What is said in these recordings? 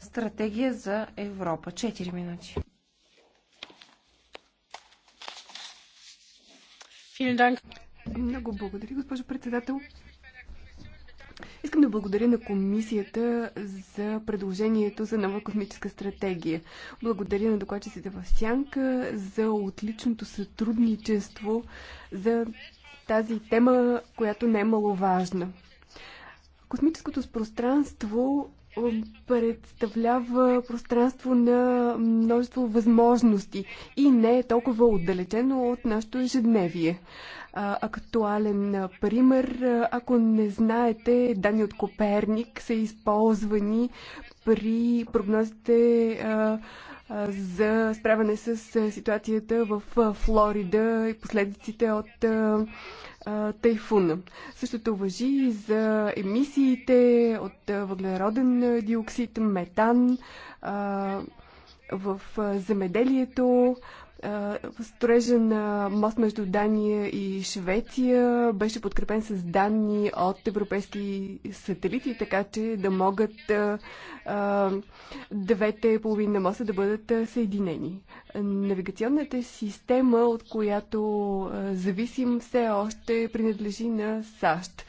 Стратегия за Европа. 4 минути. Много благодаря, госпожо председател. Искам да благодаря на комисията за предложението за нова космическа стратегия. Благодаря на докладчиците в Сянка за отличното сътрудничество за тази тема, която не е маловажна. Космическото пространство представлява пространство на множество възможности и не е толкова отдалечено от нашето ежедневие. Актуален пример, ако не знаете, данни от Коперник са използвани при прогнозите за справяне с ситуацията в Флорида и последиците от тайфуна. Същото въжи и за емисиите от въглероден диоксид, метан в земеделието. Строежа на мост между Дания и Швеция беше подкрепен с данни от европейски сателити, така че да могат двете половини на моста да бъдат съединени. Навигационната система, от която зависим, все още принадлежи на САЩ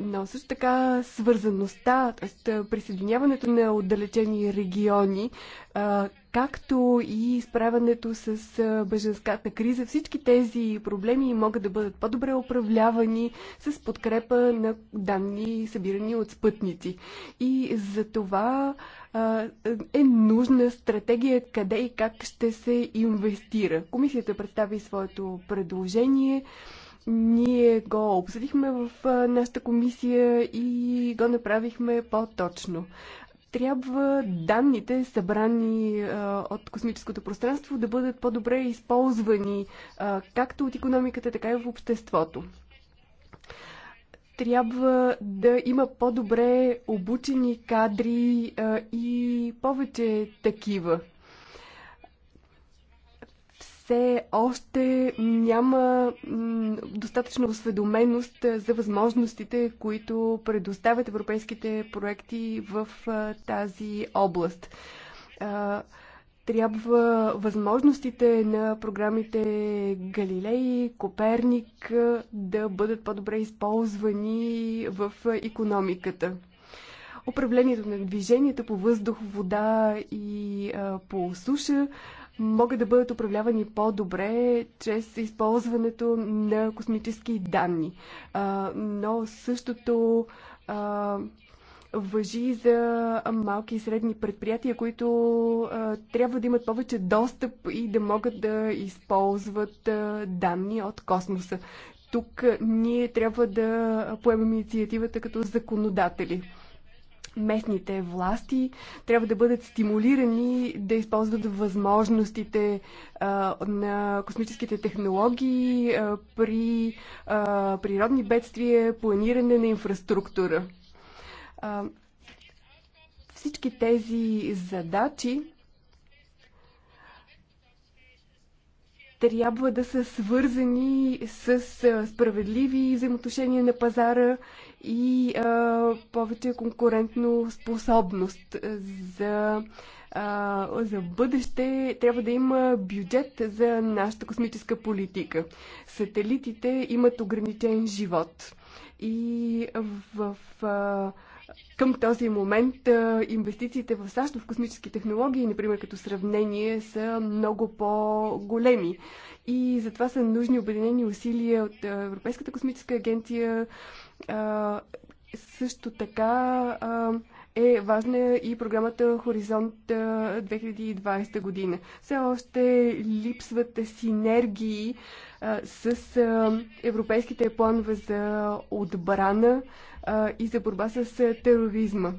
но също така свързаността, т.е. присъединяването на отдалечени региони, както и справянето с беженската криза, всички тези проблеми могат да бъдат по-добре управлявани с подкрепа на данни, събирани от спътници. И за това е нужна стратегия къде и как ще се инвестира. Комисията представи своето предложение. Ние го обсъдихме в нашата комисия и го направихме по-точно. Трябва данните, събрани а, от космическото пространство, да бъдат по-добре използвани а, както от економиката, така и в обществото трябва да има по-добре обучени кадри а, и повече такива все още няма достатъчно осведоменост за възможностите, които предоставят европейските проекти в тази област. Трябва възможностите на програмите Галилей, Коперник да бъдат по-добре използвани в економиката управлението на движението по въздух, вода и по суша могат да бъдат управлявани по-добре чрез използването на космически данни. А, но същото а, въжи за малки и средни предприятия, които а, трябва да имат повече достъп и да могат да използват а, данни от космоса. Тук ние трябва да поемем инициативата като законодатели местните власти трябва да бъдат стимулирани да използват възможностите а, на космическите технологии а, при а, природни бедствия, планиране на инфраструктура. А, всички тези задачи трябва да са свързани с справедливи взаимоотношения на пазара и а, повече конкурентно способност за а, за бъдеще трябва да има бюджет за нашата космическа политика. Сателитите имат ограничен живот. И в, в към този момент инвестициите в САЩ в космически технологии, например като сравнение, са много по-големи. И затова са нужни обединени усилия от Европейската космическа агенция. Също така е важна и програмата Хоризонт 2020 година. Все още липсват синергии с европейските планове за отбрана, а, и за борба с тероризма.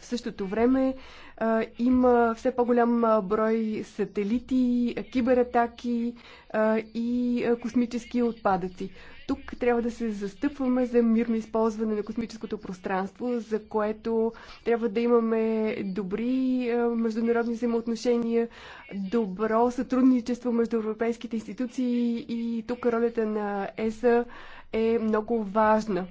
В същото време а, има все по-голям брой сателити, кибератаки а, и а, космически отпадъци. Тук трябва да се застъпваме за мирно използване на космическото пространство, за което трябва да имаме добри а, международни взаимоотношения, добро сътрудничество между европейските институции и тук ролята на ЕСА е много важна. А,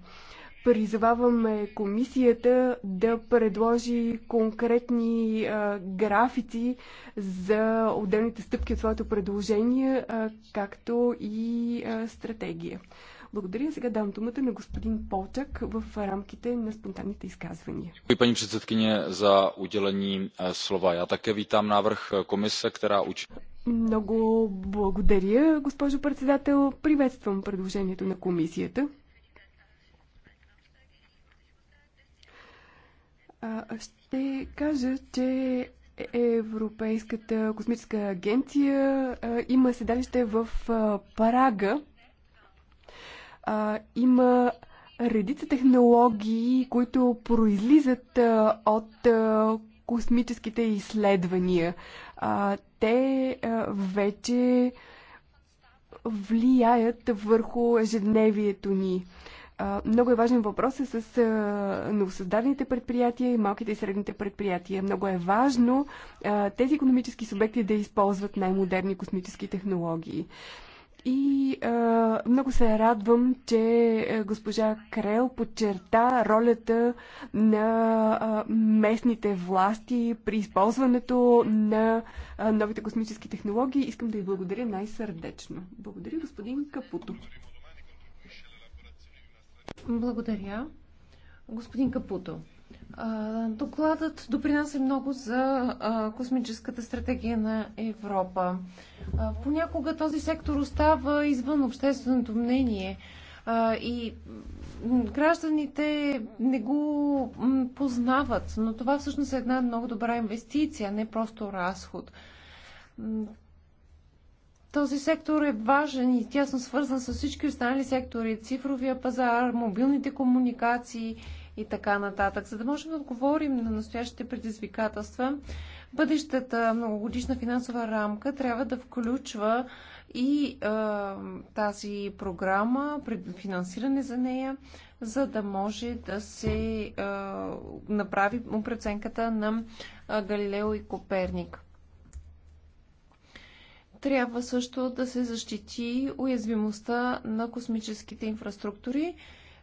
призоваваме комисията да предложи конкретни а, графици за отделните стъпки от своето предложение, а, както и а, стратегия. Благодаря. Сега дам думата на господин Полчак в рамките на спонтанните изказвания. Пани председкиня за отделени слова, я така také vítám návrh комиса, která учи... Много благодаря, госпожо председател. Приветствам предложението на комисията. Ще кажа, че Европейската космическа агенция има седалище в Парага. Има редица технологии, които произлизат от космическите изследвания. Те вече влияят върху ежедневието ни. Много е важен въпрос е с новосъздадените предприятия и малките и средните предприятия. Много е важно тези економически субекти да използват най-модерни космически технологии. И е, много се радвам, че госпожа Крел подчерта ролята на е, местните власти при използването на е, новите космически технологии. Искам да й благодаря най-сърдечно. Благодаря, господин Капуто. Благодаря. Господин Капуто, докладът допринася много за космическата стратегия на Европа. Понякога този сектор остава извън общественото мнение и гражданите не го познават, но това всъщност е една много добра инвестиция, не просто разход. Този сектор е важен и тясно свързан с всички останали сектори цифровия пазар, мобилните комуникации и така нататък. За да можем да отговорим на настоящите предизвикателства, бъдещата многогодишна финансова рамка трябва да включва и е, тази програма, финансиране за нея, за да може да се е, направи оценката на Галилео и Коперник. Трябва също да се защити уязвимостта на космическите инфраструктури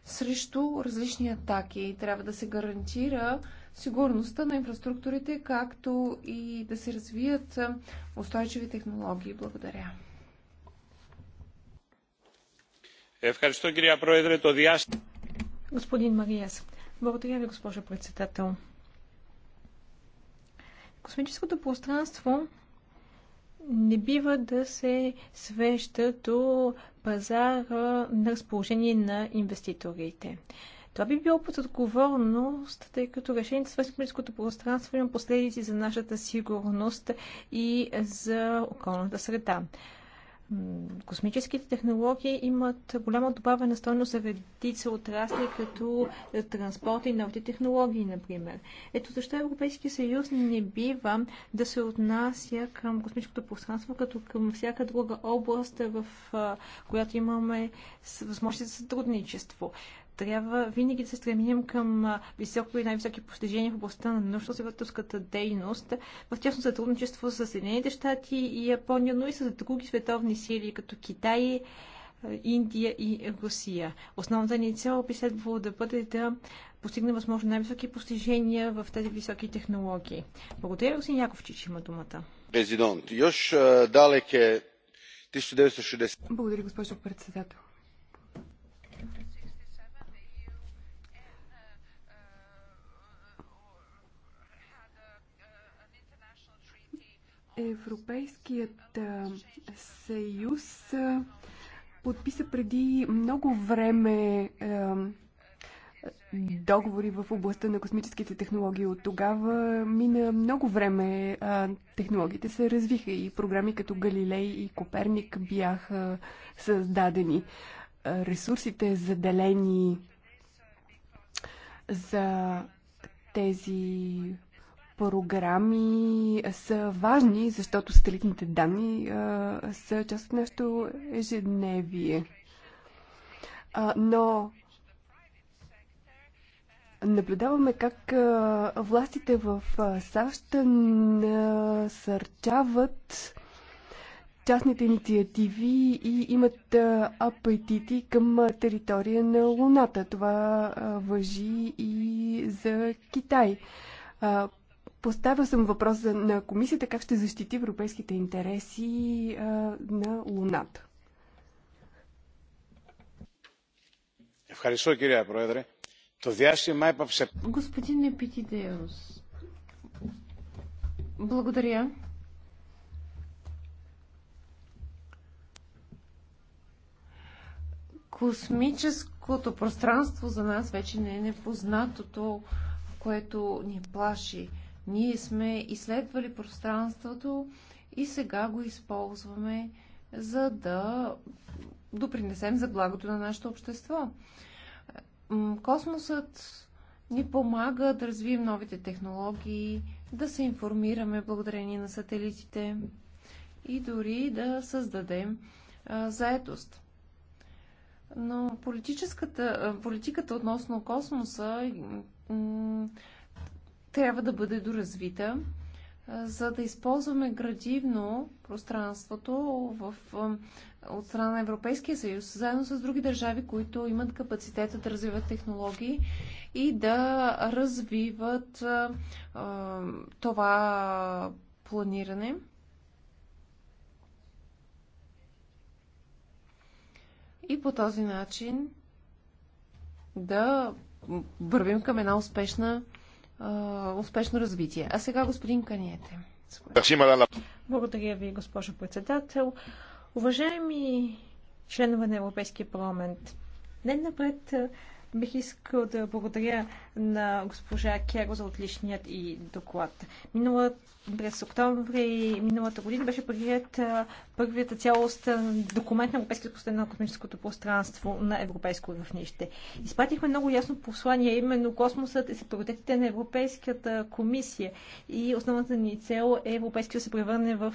срещу различни атаки. Трябва да се гарантира сигурността на инфраструктурите, както и да се развият устойчиви технологии. Благодаря. Господин Мариас, благодаря ви, госпожо председател. Космическото пространство не бива да се свеща до пазара на разположение на инвеститорите. Това би било под отговорност, тъй като решението с външно пространство има последици за нашата сигурност и за околната среда. Космическите технологии имат голяма добавена стойност за редица отрасли, като е, транспорт и новите технологии, например. Ето защо Европейския съюз не бива да се отнася към космическото пространство, като към всяка друга област, в която имаме възможности за сътрудничество. Трябва винаги да се стремим към високо и най-високи постижения в областта на научно-изследователската дейност, в тясно сътрудничество с Съединените щати и Япония, но и с други световни сили, като Китай, Индия и Русия. Основната ни цел би следвало да бъде да постигне възможно най-високи постижения в тези високи технологии. Благодаря, господин Яков, че има думата. Президент, Йош далеке 1960... Благодаря, госпожо председател. Европейският съюз подписа преди много време договори в областта на космическите технологии. От тогава мина много време. Технологиите се развиха и програми като Галилей и Коперник бяха създадени. Ресурсите заделени за тези програми са важни, защото сателитните данни а, са част от нашето ежедневие. А, но наблюдаваме как а, властите в САЩ насърчават частните инициативи и имат апетити към територия на Луната. Това въжи и за Китай Поставя съм въпроса на комисията как ще защити европейските интереси а, на Луната. Ευχαριστώ, κυρία Πρόεδρε. Το διάστημα έπαψε... Господин Епитидеус, благодаря. Космическото пространство за нас вече не е непознатото, което ни плаши ние сме изследвали пространството и сега го използваме, за да допринесем за благото на нашето общество. Космосът ни помага да развием новите технологии, да се информираме благодарение на сателитите и дори да създадем а, заетост. Но политиката относно космоса трябва да бъде доразвита, за да използваме градивно пространството в, от страна на Европейския съюз, заедно с други държави, които имат капацитета да развиват технологии и да развиват а, това планиране. И по този начин да вървим към една успешна успешно развитие. А сега господин Каниете. Благодаря ви, госпожо председател. Уважаеми членове на Европейския парламент, днес напред Бих искал да благодаря на госпожа Керо за отличният и доклад. Минала, през октомври миналата година беше прият първият цялостен документ на Европейския постоянно на космическото пространство на европейско равнище. Изпратихме много ясно послание, именно космосът е са приоритетите на Европейската комисия и основната ни цел е Европейския да се превърне в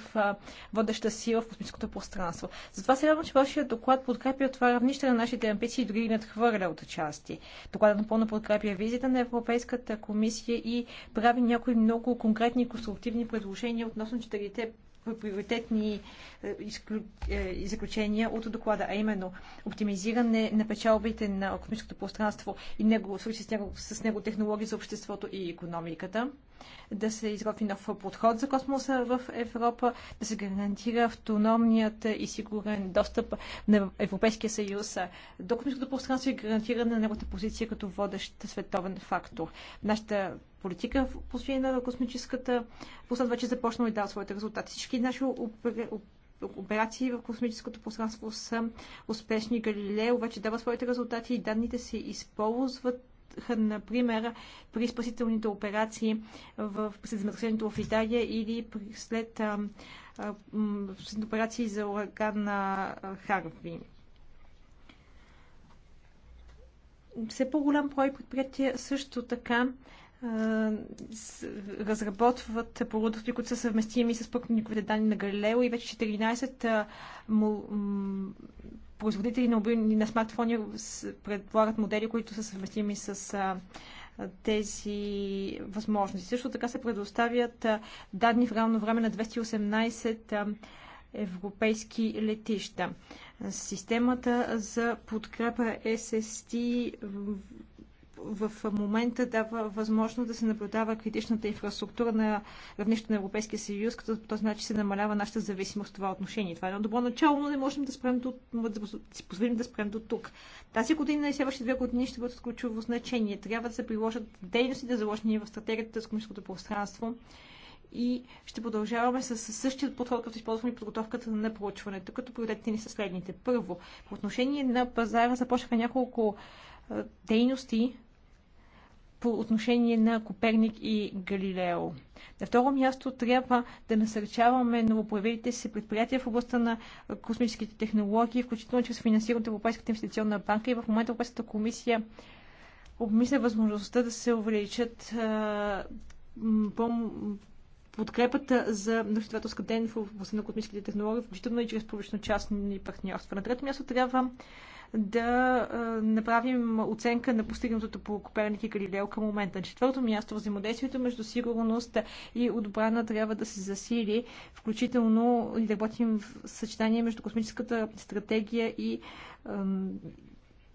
водеща сила в космическото пространство. Затова се радвам, че вашия доклад подкрепя това равнище на нашите амбиции и дори отхвърля от части области. Доклада напълно подкрепя визита на Европейската комисия и прави някои много конкретни и конструктивни предложения относно четирите приоритетни е, изключения заключения от доклада, а именно оптимизиране на печалбите на економическото пространство и него, с, него, с него технологии за обществото и економиката, да се изготви нов подход за космоса в Европа, да се гарантира автономният и сигурен достъп на Европейския съюз до космическото пространство и гарантиране на неговата позиция като водещ световен фактор. Нашата политика в посвение на космическата посад вече започна и дава своите резултати. Всички наши операции в космическото пространство са успешни. Галилео вече дава своите резултати и данните се използват например, при спасителните операции в земетресението в Италия или след а, а, след операции за ураган на Харви. Все по-голям брой предприятия също така разработват продукти, които са съвместими с пъкниковите данни на Галилео и вече 14 производители на, мобилни, на смартфони предлагат модели, които са съвместими с а, тези възможности. Също така се предоставят а, данни в реално време на 218 а, европейски летища. Системата за подкрепа е SST в момента дава възможност да се наблюдава критичната инфраструктура на равнището на Европейския съюз, като по този начин се намалява нашата зависимост в това отношение. Това е едно добро начало, но не можем да, спрем до, да си позволим да спрем до тук. Тази година и следващите две години ще бъдат ключово значение. Трябва да се приложат дейностите, заложени в стратегията за космическото пространство и ще продължаваме с същия подход, като използваме подготовката на проучването, като приоритетите ни са следните. Първо, по отношение на пазара започнаха няколко дейности, по отношение на Коперник и Галилео. На второ място трябва да насърчаваме новопроявилите се предприятия в областта на космическите технологии, включително чрез финансирането на Европейската инвестиционна банка и в момента Европейската комисия обмисля възможността да се увеличат подкрепата за научно ден в областта на космическите технологии, включително и чрез публично-частни партньорства. На трето място трябва да направим оценка на постигнатото по Коперник и Галилео към момента. На четвърто място, взаимодействието между сигурност и отбрана трябва да се засили, включително и да работим в съчетание между космическата стратегия и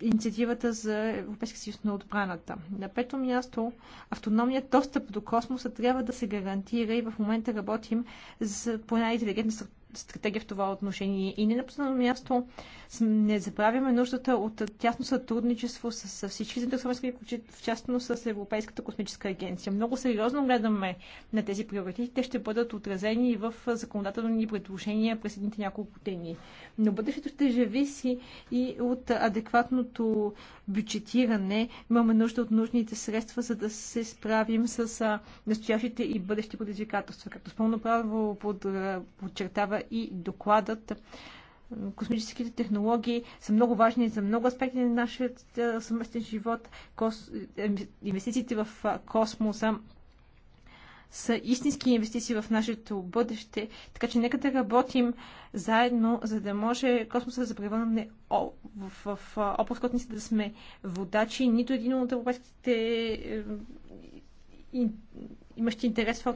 инициативата за Европейския съюз на отбраната. На пето място, автономният достъп до космоса трябва да се гарантира и в момента работим за по една интелигентна стратегия в това отношение. И не на последно място не забравяме нуждата от тясно сътрудничество с, с всички заинтересовани, в частност с Европейската космическа агенция. Много сериозно гледаме на тези приоритети. Те ще бъдат отразени и в законодателни предложения през едните няколко дни. Но бъдещето ще зависи и от адекватното бюджетиране. Имаме нужда от нужните средства, за да се справим с настоящите и бъдещи предизвикателства. Както с пълно право подчертава и докладът. Космическите технологии са много важни за много аспекти на нашия съвместен живот. Кос... Е, инвестициите в космоса са истински инвестиции в нашето бъдеще. Така че нека да работим заедно, за да може космоса да превърне в, в, област, който да сме водачи. Нито един от европейските е, имащи интерес в